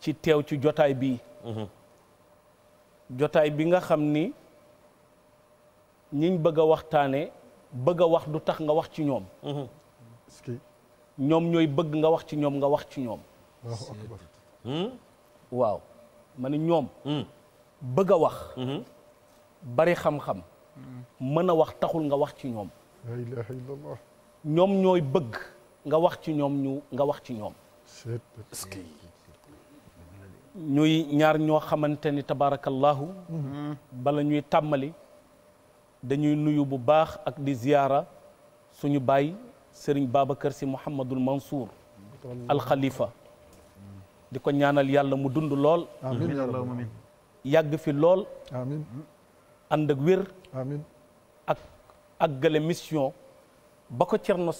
ci teew ci jotaay bi mhm. jotaay bi nga xam ni ñiñ bëgg a waxtaane bëgg a wax du tax nga wax ci ñoom mhm. ñoom ñooy bëgg nga wax ci ñoom nga wax ci ñoom hmm? waaw ma ne hmm. a wax mhm. bari xam-xam hmm. mën a wax taxul nga wax ci ñoom ñoom ñooy bëgg nga wax ci ñoom ñu nga wax ci ñoom ñuy ñaar ñoo xamante ni tabaarakallaahu bala ñuy tàmmali dañuy nuyu bu baax ak di ziyaara suñu baay sëriñ Babacar si Mouhamadul Mansour alxalifa di ko ñaanal yàlla mu dund lool yàgg fi lool ànd ak wér ak àggale mission ba ko Cerno